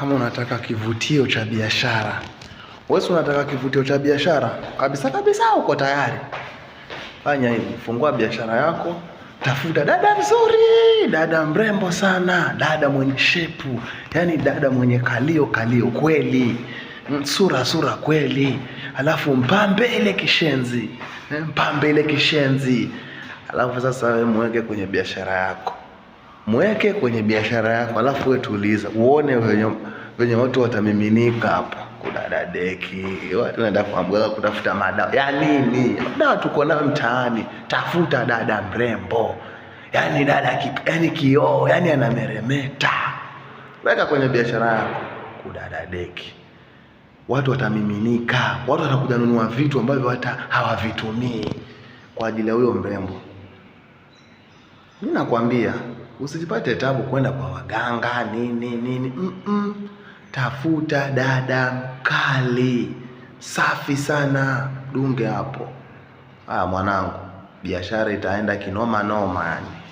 kama unataka kivutio cha biashara wewe unataka kivutio cha biashara kabisa kabisa, uko tayari, fanya hivi: fungua biashara yako, tafuta dada mzuri, dada mrembo sana, dada mwenye shepu, yani dada mwenye kalio kalio kweli, mm, sura sura kweli, alafu mpambe ile kishenzi, mpambe ile kishenzi, alafu sasa wewe mweke kwenye biashara yako mweke kwenye biashara yako, alafu wewe tuuliza, uone venye venye watu watamiminika hapo. dadeki watu naenda kwa mganga kutafuta madawa ya nini? Madawa tuko nayo mtaani. Tafuta dada mrembo, yani dada ki, yani kioo, yani anameremeta, weka kwenye biashara yako. Kudadadeki, watu watamiminika, watu watakuja nunua vitu ambavyo hata hawavitumii kwa ajili ya huyo mrembo. Mimi nakwambia usijipate tabu kwenda kwa waganga nini nini mm -mm. Tafuta dada mkali safi sana, dunge hapo. Haya mwanangu, biashara itaenda kinoma noma yani.